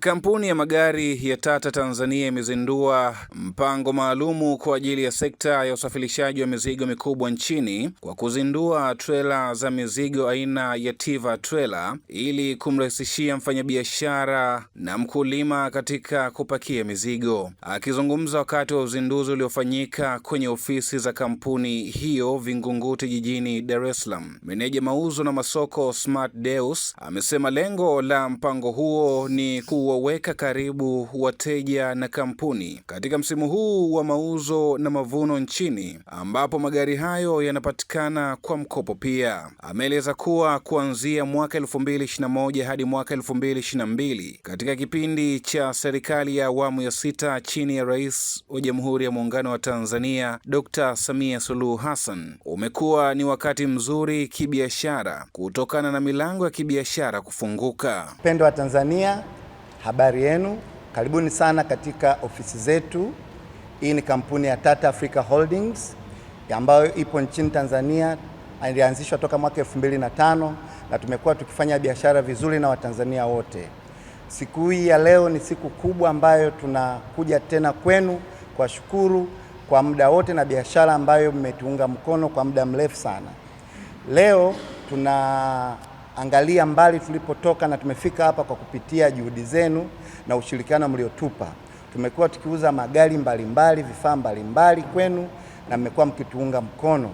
Kampuni ya magari ya Tata Tanzania imezindua mpango maalumu kwa ajili ya sekta ya usafirishaji wa mizigo mikubwa nchini kwa kuzindua trela za mizigo aina ya Tiva trela ili kumrahisishia mfanyabiashara na mkulima katika kupakia mizigo. Akizungumza wakati wa uzinduzi uliofanyika kwenye ofisi za kampuni hiyo Vingunguti jijini Dar es Salaam, meneja mauzo na masoko Smart Deus amesema lengo la mpango huo ni ku kuwaweka karibu wateja na kampuni katika msimu huu wa mauzo na mavuno nchini, ambapo magari hayo yanapatikana kwa mkopo pia. Ameeleza kuwa kuanzia mwaka 2021 hadi mwaka 2022 katika kipindi cha serikali ya awamu ya sita chini ya Rais wa Jamhuri ya Muungano wa Tanzania Dr. Samia Suluhu Hassan umekuwa ni wakati mzuri kibiashara kutokana na milango ya kibiashara kufunguka. Pendo wa Tanzania habari yenu, karibuni sana katika ofisi zetu. Hii ni kampuni ya Tata Africa Holdings ambayo ipo nchini Tanzania, ilianzishwa toka mwaka elfu mbili na tano na tumekuwa tukifanya biashara vizuri na Watanzania wote. Siku hii ya leo ni siku kubwa ambayo tunakuja tena kwenu kwa shukuru kwa muda wote na biashara ambayo mmetuunga mkono kwa muda mrefu sana. Leo tuna angalia mbali tulipotoka na tumefika hapa kwa kupitia juhudi zenu na ushirikiano mliotupa. Tumekuwa tukiuza magari mbalimbali, vifaa mbalimbali kwenu na mmekuwa mkituunga mkono.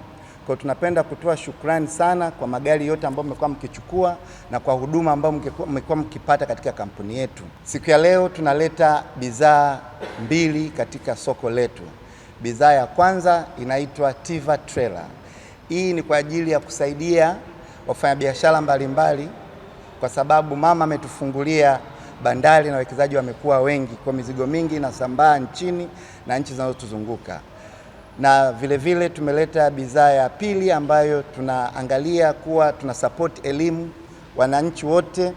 Kwa tunapenda kutoa shukrani sana kwa magari yote ambayo mmekuwa mkichukua na kwa huduma ambayo mmekuwa mkipata katika kampuni yetu. Siku ya leo tunaleta bidhaa mbili katika soko letu. Bidhaa ya kwanza inaitwa Tiva Trailer. Hii ni kwa ajili ya kusaidia wafanyabiashara mbalimbali, kwa sababu mama ametufungulia bandari na wawekezaji wamekuwa wengi, kwa mizigo mingi inasambaa nchini na nchi zinazotuzunguka na vilevile vile tumeleta bidhaa ya pili ambayo tunaangalia kuwa tuna support elimu wananchi wote.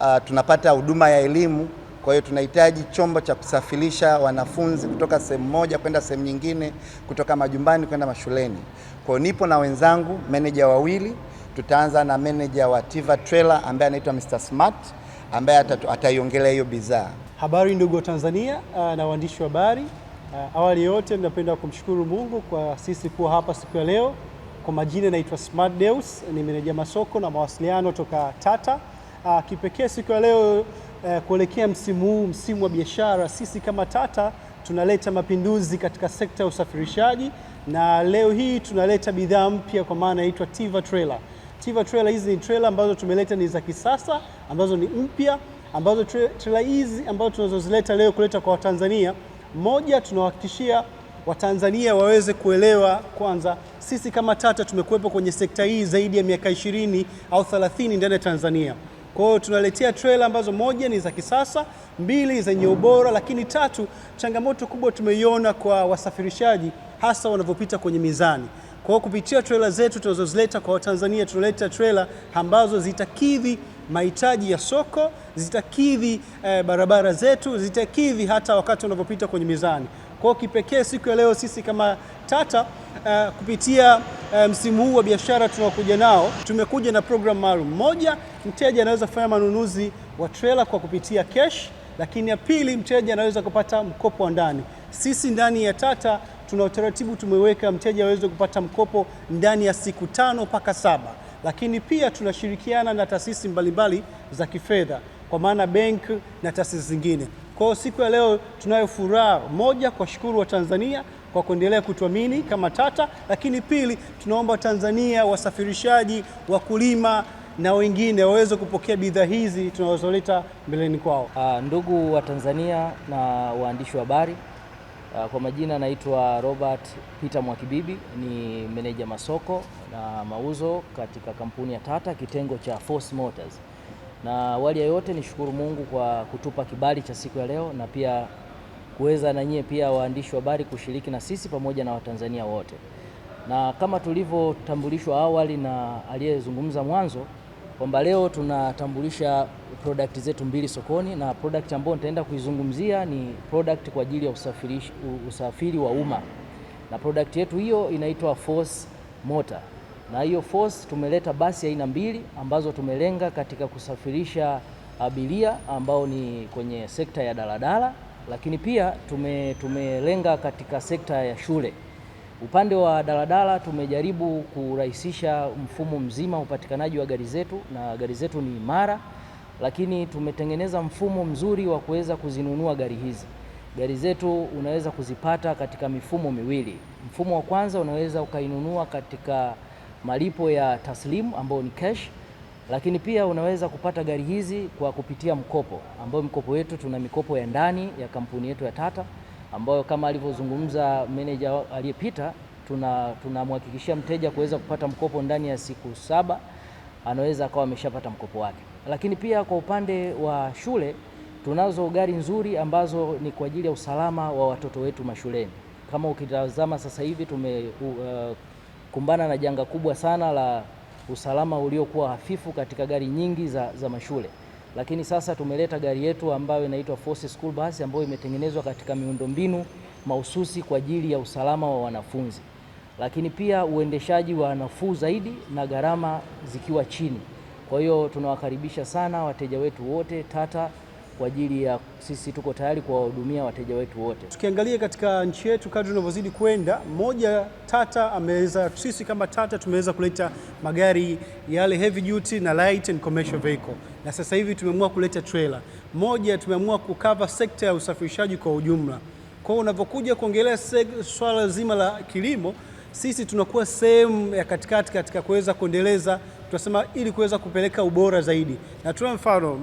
Uh, tunapata huduma ya elimu, kwa hiyo tunahitaji chombo cha kusafirisha wanafunzi kutoka sehemu moja kwenda sehemu nyingine, kutoka majumbani kwenda mashuleni. Kwa hiyo nipo na wenzangu meneja wawili tutaanza na meneja wa Tiva Trailer ambaye anaitwa Mr. Smart ambaye ataiongelea hiyo bidhaa. Habari ndugu wa Tanzania ah, na waandishi wa habari, ah, awali yote ninapenda kumshukuru Mungu kwa sisi kuwa hapa siku ya leo. Kwa majina naitwa Smart Deus, ni meneja masoko na mawasiliano toka Tata. Ah, kipekee siku ya leo eh, kuelekea msimu huu, msimu wa biashara, sisi kama Tata tunaleta mapinduzi katika sekta ya usafirishaji, na leo hii tunaleta bidhaa mpya kwa maana inaitwa Tiva Trailer. Tiva trailer hizi ni trailer ambazo tumeleta ni za kisasa ambazo ni mpya ambazo trailer hizi ambazo tunazozileta leo kuleta kwa Watanzania, moja, tunawahakikishia Watanzania waweze kuelewa kwanza, sisi kama Tata tumekuwepo kwenye sekta hii zaidi ya miaka 20 au 30 ndani ya Tanzania. Kwa hiyo tunaletea trailer ambazo moja ni za kisasa, mbili zenye ubora, lakini tatu, changamoto kubwa tumeiona kwa wasafirishaji hasa wanavyopita kwenye mizani. Kwa kupitia trailer zetu tunazozileta kwa Watanzania, tunaleta trailer ambazo zitakidhi mahitaji ya soko, zitakidhi eh, barabara zetu, zitakidhi hata wakati unapopita kwenye mizani. Kwa kipekee siku ya leo sisi kama Tata eh, kupitia eh, msimu huu wa biashara tunaokuja nao, tumekuja na program maalum. Moja, mteja anaweza kufanya manunuzi wa trailer kwa kupitia cash, lakini ya pili, mteja anaweza kupata mkopo wa ndani. Sisi ndani ya Tata tuna utaratibu tumeweka, mteja aweze kupata mkopo ndani ya siku tano mpaka saba, lakini pia tunashirikiana na taasisi mbalimbali za kifedha kwa maana bank na taasisi zingine. Kwa hiyo siku ya leo tunayo furaha moja, kwa shukuru wa tanzania kwa kuendelea kutuamini kama Tata, lakini pili, tunaomba tanzania wasafirishaji, wakulima na wengine waweze kupokea bidhaa hizi tunazoleta mbeleni kwao. Ah, ndugu wa tanzania na waandishi wa habari Uh, kwa majina naitwa Robert Peter Mwakibibi, ni meneja masoko na mauzo katika kampuni ya Tata kitengo cha Force Motors, na awali ya yote nishukuru Mungu kwa kutupa kibali cha siku ya leo na pia kuweza na nyie pia waandishi wa habari kushiriki na sisi pamoja na Watanzania wote, na kama tulivyotambulishwa awali na aliyezungumza mwanzo kwamba leo tunatambulisha product zetu mbili sokoni, na product ambayo nitaenda kuizungumzia ni product kwa ajili ya usafiri, wa umma na product yetu hiyo inaitwa Force Motor, na hiyo Force tumeleta basi aina mbili ambazo tumelenga katika kusafirisha abiria ambao ni kwenye sekta ya daladala, lakini pia tume, tumelenga katika sekta ya shule. Upande wa daladala tumejaribu kurahisisha mfumo mzima upatikanaji wa gari zetu na gari zetu ni imara, lakini tumetengeneza mfumo mzuri wa kuweza kuzinunua gari hizi. Gari zetu unaweza kuzipata katika mifumo miwili. Mfumo wa kwanza unaweza ukainunua katika malipo ya taslimu ambayo ni cash, lakini pia unaweza kupata gari hizi kwa kupitia mkopo, ambayo mkopo wetu tuna mikopo ya ndani ya kampuni yetu ya Tata ambayo kama alivyozungumza meneja aliyepita, tunamhakikishia tuna mteja kuweza kupata mkopo ndani ya siku saba, anaweza akawa ameshapata mkopo wake. Lakini pia kwa upande wa shule tunazo gari nzuri ambazo ni kwa ajili ya usalama wa watoto wetu mashuleni. Kama ukitazama sasa hivi tumekumbana uh, na janga kubwa sana la usalama uliokuwa hafifu katika gari nyingi za, za mashule lakini sasa tumeleta gari yetu ambayo inaitwa Force School Bus ambayo imetengenezwa katika miundombinu mahususi kwa ajili ya usalama wa wanafunzi, lakini pia uendeshaji wa nafuu zaidi na gharama zikiwa chini. Kwa hiyo tunawakaribisha sana wateja wetu wote Tata kwa ajili ya sisi, tuko tayari kuwahudumia wateja wetu wote. Tukiangalia katika nchi yetu kadri tunavyozidi kwenda, moja Tata ameweza, sisi kama Tata tumeweza kuleta magari yale heavy duty na light and commercial vehicle, na sasa hivi tumeamua kuleta trailer moja. Tumeamua kukava sekta ya usafirishaji kwa ujumla. Kwa hiyo unavyokuja kuongelea swala zima la kilimo, sisi tunakuwa sehemu ya katikati katika kuweza kuendeleza tunasema, ili kuweza kupeleka ubora zaidi, na tuna mfano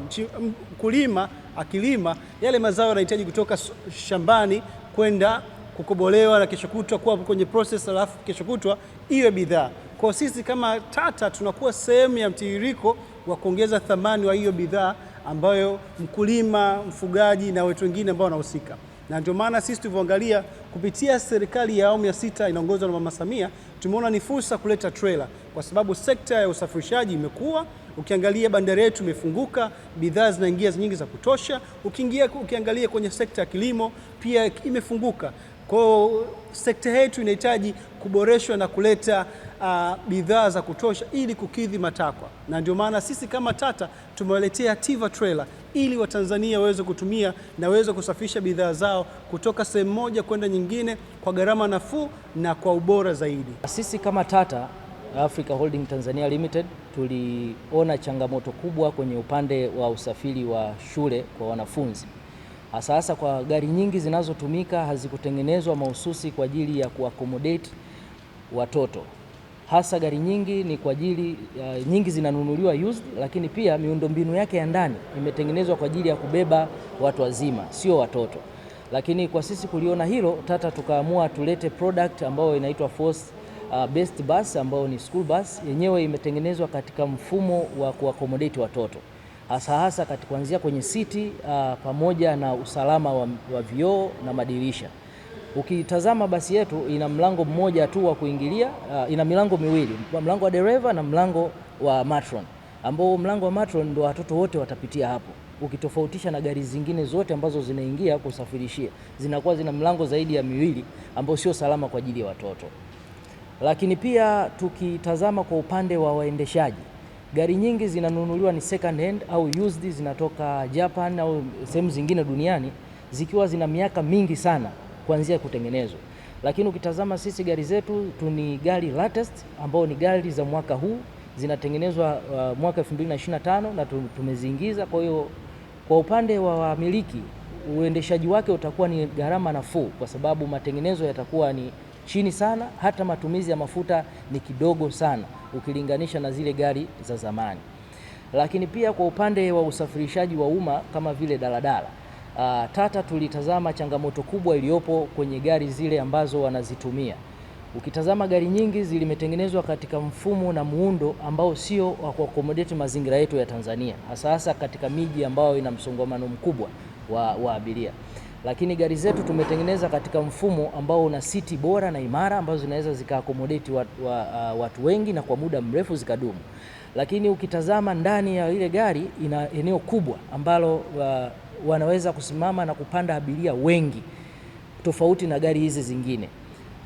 mkulima akilima yale mazao yanahitaji kutoka shambani kwenda kukobolewa na kesho kutwa kuwa kwenye process, alafu kesho kutwa iwe bidhaa. Kwa sisi kama Tata tunakuwa sehemu ya mtiririko wa kuongeza thamani wa hiyo bidhaa ambayo mkulima, mfugaji na watu wengine ambao wanahusika na ndio maana sisi tulivyoangalia kupitia serikali ya awamu ya sita inaongozwa na Mama Samia, tumeona ni fursa kuleta trailer, kwa sababu sekta ya usafirishaji imekuwa. Ukiangalia bandari yetu imefunguka, bidhaa zinaingia nyingi za kutosha. Ukiingia ukiangalia kwenye sekta ya kilimo pia imefunguka. Kwa sekta yetu inahitaji kuboreshwa na kuleta uh, bidhaa za kutosha ili kukidhi matakwa, na ndio maana sisi kama Tata tumewaletea Tiva Trailer ili Watanzania waweze kutumia na waweze kusafisha bidhaa zao kutoka sehemu moja kwenda nyingine kwa gharama nafuu na kwa ubora zaidi. Sisi kama Tata Africa Holding Tanzania Limited tuliona changamoto kubwa kwenye upande wa usafiri wa shule kwa wanafunzi hasa hasa kwa gari nyingi zinazotumika hazikutengenezwa mahususi kwa ajili ya kuaccommodate watoto hasa gari nyingi ni kwa ajili uh, nyingi zinanunuliwa used, lakini pia miundombinu yake ya ndani imetengenezwa kwa ajili ya kubeba watu wazima, sio watoto. Lakini kwa sisi kuliona hilo tata, tukaamua tulete product ambayo inaitwa Force uh, Best Bus ambayo ni school bus, yenyewe imetengenezwa katika mfumo wa kuaccommodate watoto hasa hasa kuanzia kwenye siti uh, ah, pamoja na usalama wa, wa vioo na madirisha. Ukitazama basi yetu ina mlango mmoja tu wa kuingilia uh, ina milango miwili, mlango wa dereva na mlango wa matron, ambao mlango wa matron ndio watoto wote watapitia hapo ukitofautisha na gari zingine zote ambazo zinaingia kusafirishia zinakuwa zina mlango zaidi ya miwili ambao sio salama kwa ajili ya watoto. Lakini pia tukitazama kwa upande wa waendeshaji, Gari nyingi zinanunuliwa ni second hand au used, zinatoka Japan au sehemu zingine duniani zikiwa zina miaka mingi sana kuanzia kutengenezwa, lakini ukitazama sisi gari zetu tu ni gari latest, ambao ni gari za mwaka huu zinatengenezwa uh, mwaka 2025 na tumeziingiza. Kwa hiyo kwa upande wa wamiliki, uendeshaji wake utakuwa ni gharama nafuu, kwa sababu matengenezo yatakuwa ni chini sana, hata matumizi ya mafuta ni kidogo sana ukilinganisha na zile gari za zamani. Lakini pia kwa upande wa usafirishaji wa umma kama vile daladala Uh, Tata tulitazama changamoto kubwa iliyopo kwenye gari zile ambazo wanazitumia. Ukitazama gari nyingi zilimetengenezwa katika mfumo na muundo ambao sio wa kuakomodeti mazingira yetu ya Tanzania, hasa hasa katika miji ambayo ina msongamano mkubwa wa, wa abiria lakini gari zetu tumetengeneza katika mfumo ambao una siti bora na imara ambazo zinaweza zikaakomodeti watu, wa, uh, watu wengi na kwa muda mrefu zikadumu. Lakini ukitazama ndani ya ile gari ina eneo kubwa ambalo uh, wanaweza kusimama na kupanda abiria wengi tofauti na gari hizi zingine.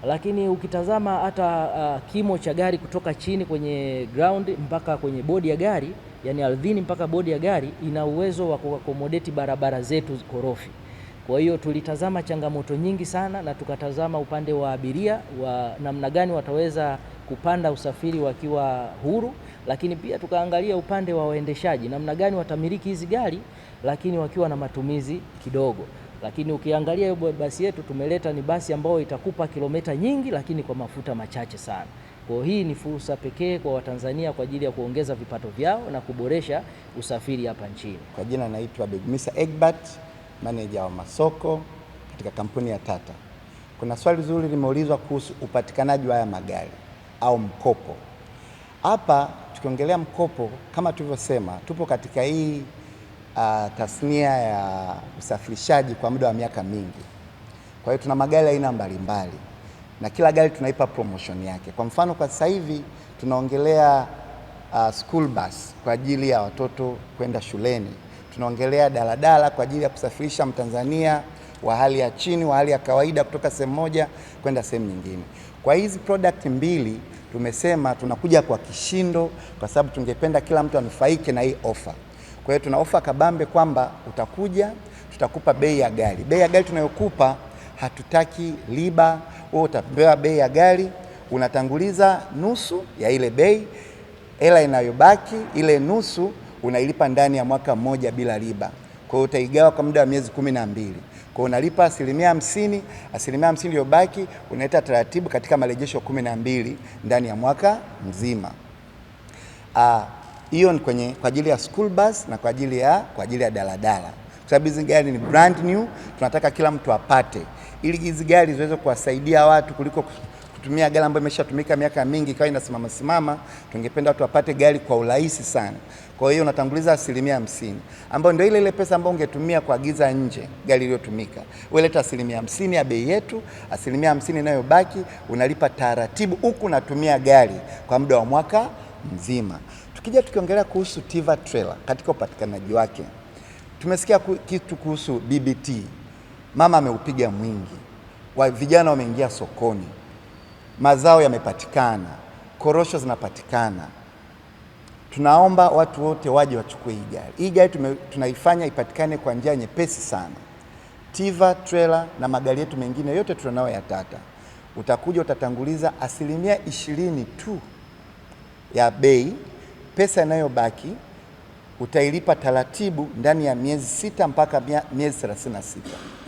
Lakini ukitazama hata uh, kimo cha gari kutoka chini kwenye ground mpaka kwenye bodi ya gari, yani ardhini mpaka bodi ya gari, ina uwezo wa kuakomodeti barabara zetu korofi. Kwa hiyo tulitazama changamoto nyingi sana na tukatazama upande wa abiria wa namna gani wataweza kupanda usafiri wakiwa huru, lakini pia tukaangalia upande wa waendeshaji namna gani watamiliki hizi gari lakini wakiwa na matumizi kidogo. Lakini ukiangalia hiyo basi yetu tumeleta ni basi ambayo itakupa kilomita nyingi lakini kwa mafuta machache sana. Kwa hii ni fursa pekee kwa Watanzania kwa ajili ya kuongeza vipato vyao na kuboresha usafiri hapa nchini. Kwa jina naitwa Begmisa Egbert manager wa masoko katika kampuni ya Tata. Kuna swali zuri limeulizwa kuhusu upatikanaji wa haya magari au mkopo. Hapa tukiongelea mkopo, kama tulivyosema, tupo katika hii uh, tasnia ya usafirishaji kwa muda wa miaka mingi. Kwa hiyo tuna magari aina mbalimbali na kila gari tunaipa promotion yake. Kwa mfano, kwa sasa hivi tunaongelea uh, school bus kwa ajili ya watoto kwenda shuleni tunaongelea daladala kwa ajili ya kusafirisha Mtanzania wa hali ya chini, wa hali ya kawaida kutoka sehemu moja kwenda sehemu nyingine. Kwa hizi product mbili tumesema tunakuja kwa kishindo, kwa sababu tungependa kila mtu anufaike na hii ofa. Kwa hiyo tuna ofa kabambe kwamba utakuja, tutakupa bei ya gari. Bei ya gari tunayokupa hatutaki riba. Wewe utapewa bei ya gari, unatanguliza nusu ya ile bei, hela inayobaki ile nusu unailipa ndani ya mwaka mmoja bila riba. Kwa hiyo utaigawa kwa muda wa miezi kumi na mbili. Kwa unalipa asilimia hamsini, asilimia hamsini iliyobaki unaleta taratibu katika marejesho kumi na mbili ndani ya mwaka mzima. Ah, hiyo ni kwenye kwa ajili ya school bus na kwa ajili ya kwa ajili ya daladala, kwa sababu hizi gari ni brand new, tunataka kila mtu apate, ili hizi gari ziweze kuwasaidia watu kuliko kutumia gari ambayo imeshatumika miaka mingi ikawa inasimama simama, tungependa watu wapate gari kwa urahisi sana. Kwa hiyo unatanguliza asilimia hamsini ambayo ndio ile ile pesa ambayo ungetumia kuagiza nje gari iliyotumika, weleta asilimia hamsini ya bei yetu, asilimia hamsini inayobaki unalipa taratibu, huku unatumia gari kwa muda wa mwaka mzima. Tukija tukiongelea kuhusu Tiva Trailer katika upatikanaji wake, tumesikia kitu kuhusu BBT, mama ameupiga mwingi wa vijana wameingia sokoni mazao yamepatikana, korosho zinapatikana. Tunaomba watu wote waje wachukue hii gari. Hii gari tunaifanya ipatikane kwa njia nyepesi sana. Tiva, trela na magari yetu mengine yote tunayo ya Tata. Utakuja utatanguliza asilimia ishirini tu ya bei. Pesa inayobaki utailipa taratibu ndani ya miezi sita mpaka miezi 36.